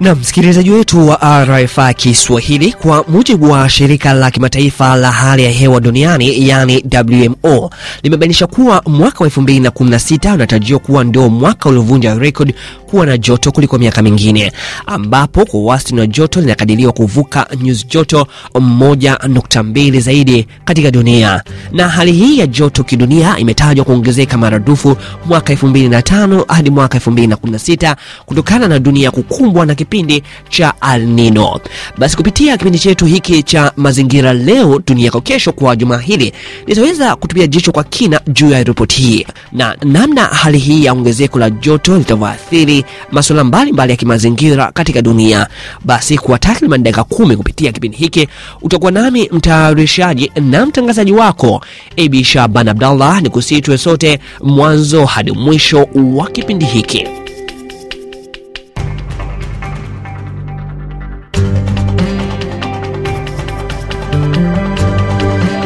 Na msikilizaji wetu wa rfa Kiswahili, kwa mujibu wa shirika la kimataifa la hali ya hewa duniani yani WMO limebainisha kuwa mwaka wa 2016 unatarajiwa kuwa ndio mwaka uliovunja rekodi kuwa na joto kuliko miaka mingine, ambapo kwa wastani wa joto linakadiriwa kuvuka nyuzi joto 1.2 zaidi katika dunia, na hali hii ya joto kidunia imetajwa kuongezeka maradufu mwaka 2005 hadi mwaka 2016 kutokana na dunia kukumbwa na kipindi cha Al Nino. Basi kupitia kipindi chetu hiki cha mazingira leo dunia yako kesho, kwa juma hili nitaweza kutupia jicho kwa kina juu ya ripoti hii na namna hali hii ya ongezeko la joto litavyoathiri masuala mbalimbali ya kimazingira katika dunia. Basi kwa takriban dakika kumi kupitia kipindi hiki utakuwa nami mtayarishaji na mtangazaji wako Abi Shaban Abdallah, ni kusitwe sote mwanzo hadi mwisho wa kipindi hiki.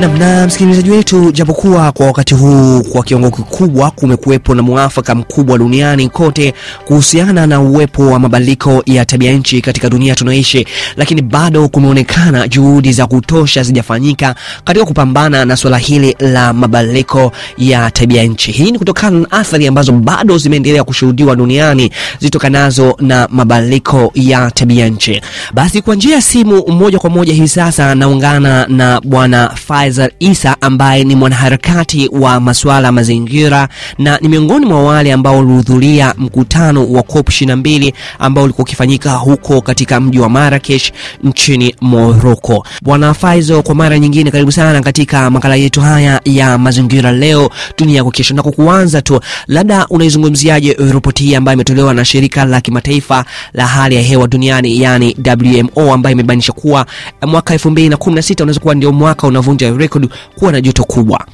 Namna msikilizaji wetu, japokuwa kwa wakati huu kwa kiwango kikubwa kumekuwepo na mwafaka mkubwa duniani kote kuhusiana na uwepo wa mabadiliko ya tabia nchi katika dunia tunaoishi, lakini bado kumeonekana juhudi za kutosha zijafanyika katika kupambana na suala hili la mabadiliko ya tabia nchi. Hii ni kutokana na athari ambazo bado zimeendelea kushuhudiwa duniani zitokanazo na mabadiliko ya tabia nchi. Basi kwa njia ya simu moja kwa moja hivi sasa naungana na Bwana Aizar Isa ambaye ni mwanaharakati wa masuala ya mazingira na ni miongoni mwa wale ambao walihudhuria mkutano wa COP 22 ambao ulikuwa ukifanyika huko katika mji wa Marrakesh nchini Morocco. Bwana Faizo, kwa mara nyingine karibu sana katika makala yetu haya ya mazingira leo dunia yako kesho. Na kwa kuanza tu, labda unaizungumziaje ripoti hii ambayo imetolewa na shirika la kimataifa la hali ya hewa duniani, yani WMO, ambayo imebainisha kuwa mwaka 2016 unaweza kuwa ndio mwaka unavunja record kuwa na joto kubwa?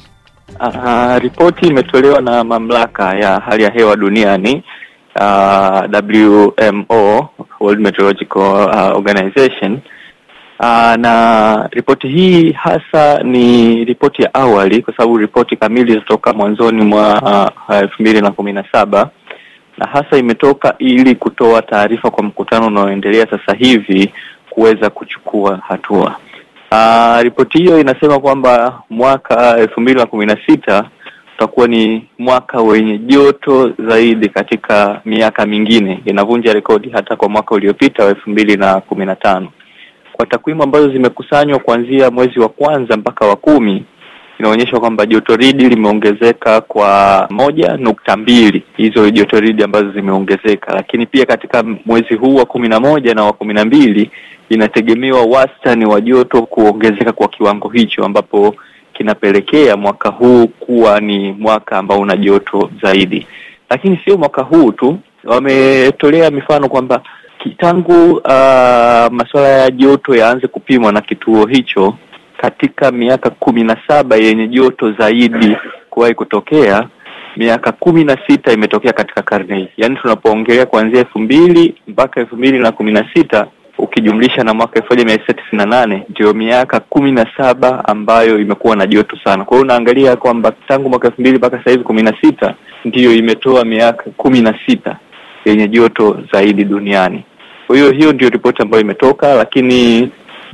Uh, ripoti imetolewa na mamlaka ya hali ya hewa duniani uh, ah, WMO World Meteorological uh, Organization uh, na ripoti hii hasa ni ripoti ya awali kwa sababu ripoti kamili zitoka mwanzoni mwa elfu mbili na kumi na saba na hasa imetoka ili kutoa taarifa kwa mkutano unaoendelea sasa hivi kuweza kuchukua hatua. Uh, ripoti hiyo inasema kwamba mwaka elfu mbili na kumi na sita utakuwa ni mwaka wenye joto zaidi katika miaka mingine, inavunja rekodi hata kwa mwaka uliopita wa elfu mbili na kumi na tano. Kwa takwimu ambazo zimekusanywa kuanzia mwezi wa kwanza mpaka wa kumi inaonyesha kwamba jotoridi limeongezeka kwa moja nukta mbili hizo jotoridi ambazo zimeongezeka, lakini pia katika mwezi huu wa kumi na moja na wa kumi na mbili inategemewa wastani wa joto kuongezeka kwa kiwango hicho, ambapo kinapelekea mwaka huu kuwa ni mwaka ambao una joto zaidi. Lakini sio mwaka huu tu, wametolea mifano kwamba tangu uh, masuala ya joto yaanze kupimwa na kituo hicho katika miaka kumi na saba yenye joto zaidi kuwahi kutokea, miaka kumi na sita imetokea katika karne hii. Yaani tunapoongelea kuanzia elfu mbili mpaka elfu mbili na kumi na sita ukijumlisha na mwaka elfu moja mia tisa tisini na nane ndiyo miaka kumi na saba ambayo imekuwa na joto sana. Kwa hiyo unaangalia kwamba tangu mwaka elfu mbili mpaka sahizi kumi na sita ndiyo imetoa miaka kumi na sita yenye joto zaidi duniani. Kwa hiyo hiyo ndio ripoti ambayo imetoka, lakini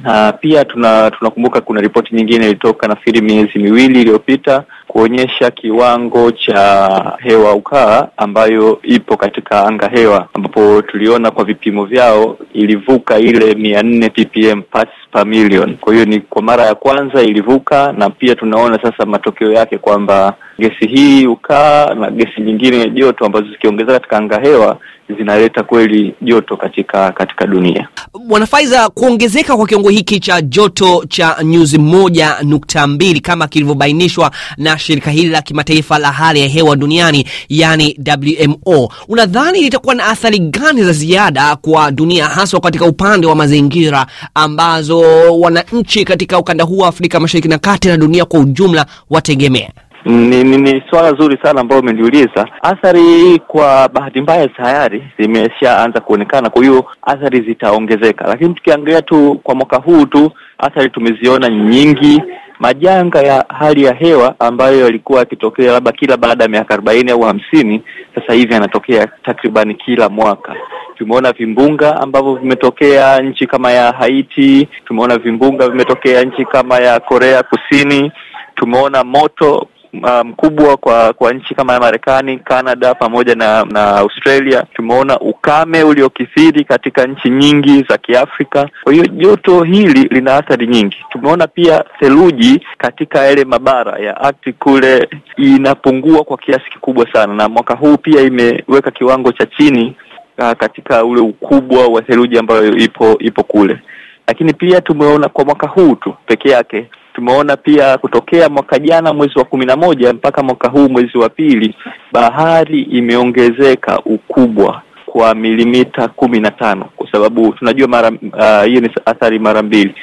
na ah, pia tuna tunakumbuka kuna ripoti nyingine ilitoka nafikiri miezi miwili iliyopita kuonyesha kiwango cha hewa ukaa ambayo ipo katika anga hewa, ambapo tuliona kwa vipimo vyao ilivuka ile mia nne ppm pasi per million. Kwa hiyo ni kwa mara ya kwanza ilivuka, na pia tunaona sasa matokeo yake kwamba gesi hii ukaa na gesi nyingine joto ambazo zikiongezeka katika anga hewa zinaleta kweli joto katika katika dunia. Bwana Faiza, kuongezeka kwa kiwango hiki cha joto cha nyuzi moja nukta mbili kama kilivyobainishwa na shirika hili la kimataifa la hali ya hewa duniani, yani WMO, unadhani litakuwa na athari gani za ziada kwa dunia, haswa katika upande wa mazingira ambazo wananchi katika ukanda huu wa Afrika Mashariki na Kati na dunia kwa ujumla wategemea? Ni, ni, ni swala zuri sana ambayo umeniuliza. Athari kwa bahati mbaya tayari zimeshaanza kuonekana, kwa hiyo athari zitaongezeka, lakini tukiangalia tu kwa mwaka huu tu athari tumeziona nyingi majanga ya hali ya hewa ambayo yalikuwa yakitokea labda kila baada ya miaka arobaini au hamsini, sasa hivi yanatokea takribani kila mwaka. Tumeona vimbunga ambavyo vimetokea nchi kama ya Haiti, tumeona vimbunga vimetokea nchi kama ya Korea Kusini, tumeona moto uh, mkubwa um, kwa kwa nchi kama ya Marekani, Canada pamoja na na Australia. Tumeona ukame uliokithiri katika nchi nyingi za Kiafrika. Kwa hiyo joto hili lina athari nyingi. Tumeona pia theluji katika yale mabara ya Arctic kule inapungua kwa kiasi kikubwa sana, na mwaka huu pia imeweka kiwango cha chini Uh, katika ule ukubwa wa theluji ambayo ipo ipo kule, lakini pia tumeona kwa mwaka huu tu peke yake tumeona pia kutokea mwaka jana mwezi wa kumi na moja mpaka mwaka huu mwezi wa pili, bahari imeongezeka ukubwa kwa milimita kumi na tano kwa sababu tunajua mara uh, hiyo, uh, ni athari mara mbili,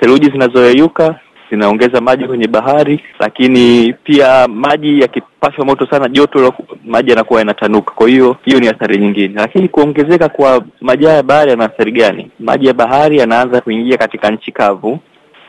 theluji zinazoyeyuka zinaongeza maji kwenye bahari, lakini pia maji yakipashwa moto sana, joto maji yanakuwa yanatanuka. Kwa hiyo hiyo ni athari nyingine. Lakini kuongezeka kwa majaa ya bahari yana athari gani? Maji ya bahari yanaanza kuingia katika nchi kavu,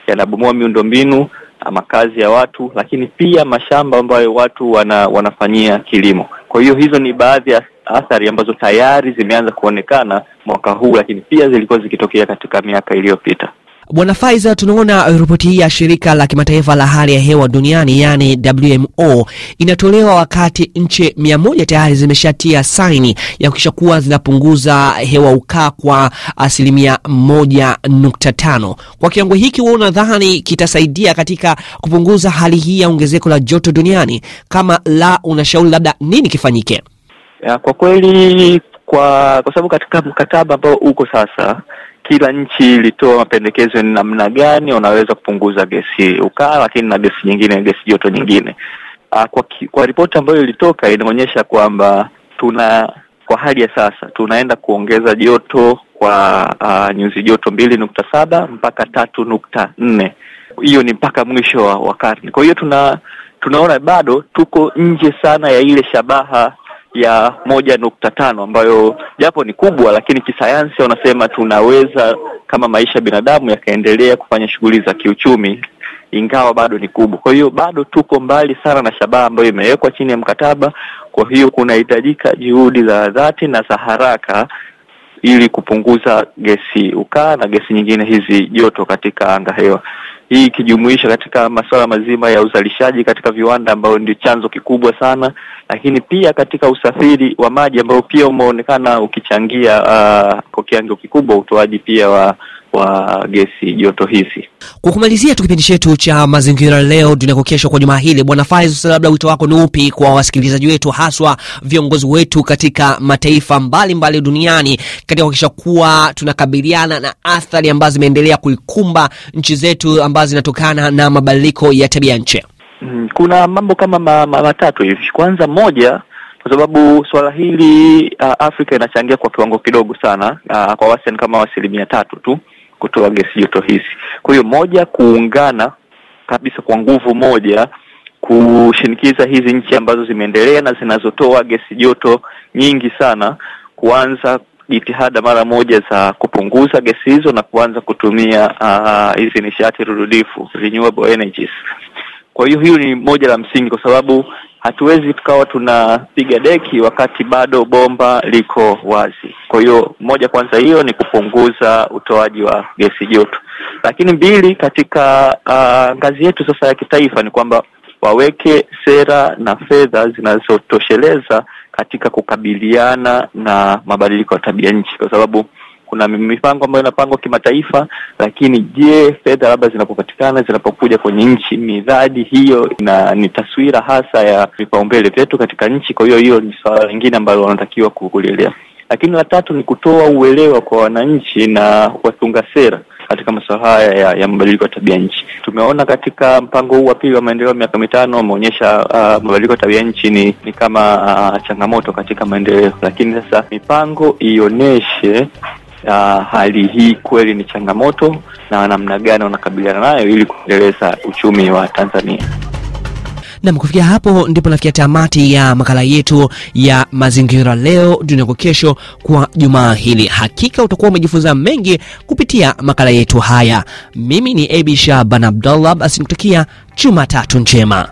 yanabomoa miundombinu makazi ya watu, lakini pia mashamba ambayo watu wana, wanafanyia kilimo. Kwa hiyo hizo ni baadhi ya athari ambazo tayari zimeanza kuonekana mwaka huu, lakini pia zilikuwa zikitokea katika miaka iliyopita. Bwana Faiza, tunaona uh, ripoti hii ya shirika la kimataifa la hali ya hewa duniani yani WMO inatolewa wakati nchi mia moja tayari zimeshatia saini ya kuhakikisha kuwa zinapunguza hewa ukaa kwa asilimia moja nukta tano. Kwa kiwango hiki, wewe unadhani kitasaidia katika kupunguza hali hii ya ongezeko la joto duniani? Kama la, unashauri labda nini kifanyike? Ya, kwa kweli kwa kwa sababu katika mkataba ambao uko sasa kila nchi ilitoa mapendekezo ni namna gani unaweza kupunguza gesi ukaa, lakini na gesi nyingine, gesi joto nyingine. Aa, ah, kwa, kwa ripoti ambayo ilitoka inaonyesha kwamba tuna kwa hali ya sasa tunaenda kuongeza joto kwa uh, nyuzi joto mbili nukta saba mpaka tatu nukta nne hiyo ni mpaka mwisho wa, wa karne. Kwa hiyo tuna tunaona bado tuko nje sana ya ile shabaha ya moja nukta tano ambayo japo ni kubwa, lakini kisayansi wanasema tunaweza kama maisha ya binadamu yakaendelea kufanya shughuli za kiuchumi, ingawa bado ni kubwa. Kwa hiyo bado tuko mbali sana na shabaha ambayo imewekwa chini ya mkataba. Kwa hiyo kunahitajika juhudi za dhati na za haraka ili kupunguza gesi ukaa na gesi nyingine hizi joto katika anga hewa hii ikijumuisha katika masuala mazima ya uzalishaji katika viwanda ambayo ndio chanzo kikubwa sana, lakini pia katika usafiri wa maji ambao pia umeonekana ukichangia uh, kwa kiwango kikubwa utoaji pia wa wa gesi joto hizi. Kwa kumalizia tu kipindi chetu cha mazingira leo kesho kwa jumaa hili, Bwana Faiz, labda wito wako ni upi kwa wasikilizaji wetu, haswa viongozi wetu katika mataifa mbalimbali mbali duniani katika kuhakikisha kuwa tunakabiliana na athari ambazo zimeendelea kuikumba nchi zetu ambazo zinatokana na mabadiliko ya tabia nchi? Mm, kuna mambo kama ma, ma, matatu hivi. Kwanza, moja kwa sababu suala hili uh, Afrika inachangia kwa kiwango kidogo sana uh, kwa wastani kama asilimia tatu tu kutoa gesi joto hisi. Kwa hiyo moja, kuungana kabisa kwa nguvu moja kushinikiza hizi nchi ambazo zimeendelea na zinazotoa gesi joto nyingi sana kuanza jitihada mara moja za kupunguza gesi hizo na kuanza kutumia ah, hizi uh, nishati rududifu renewable energies. Kwa hiyo hiyo ni moja la msingi, kwa sababu hatuwezi tukawa tunapiga deki wakati bado bomba liko wazi. Kwa hiyo moja, kwanza hiyo ni kupunguza utoaji wa gesi joto, lakini mbili, katika uh, ngazi yetu sasa ya kitaifa ni kwamba waweke sera na fedha zinazotosheleza katika kukabiliana na mabadiliko ya tabia nchi, kwa sababu kuna mipango ambayo inapangwa kimataifa, lakini je, fedha labda zinapopatikana zinapokuja kwenye nchi, miradi hiyo na ni taswira hasa ya vipaumbele vyetu katika nchi. Kwa hiyo hiyo ni suala lingine ambalo wanatakiwa kulielea, lakini la tatu ni kutoa uelewa kwa wananchi na watunga sera katika masuala haya ya, ya mabadiliko ya tabia nchi. Tumeona katika mpango huu wa pili wa maendeleo ya miaka mitano wameonyesha uh, mabadiliko ya tabia nchi ni, ni kama uh, changamoto katika maendeleo, lakini sasa mipango ionyeshe uh, hali hii kweli ni changamoto na namna gani wanakabiliana nayo ili kuendeleza uchumi wa Tanzania. Nam, kufikia hapo ndipo nafikia tamati ya makala yetu ya mazingira leo dunia kwa kesho kwa jumaa hili. Hakika utakuwa umejifunza mengi kupitia makala yetu haya. Mimi ni Abi Shaban Abdallah, basi nikutakia Jumatatu njema.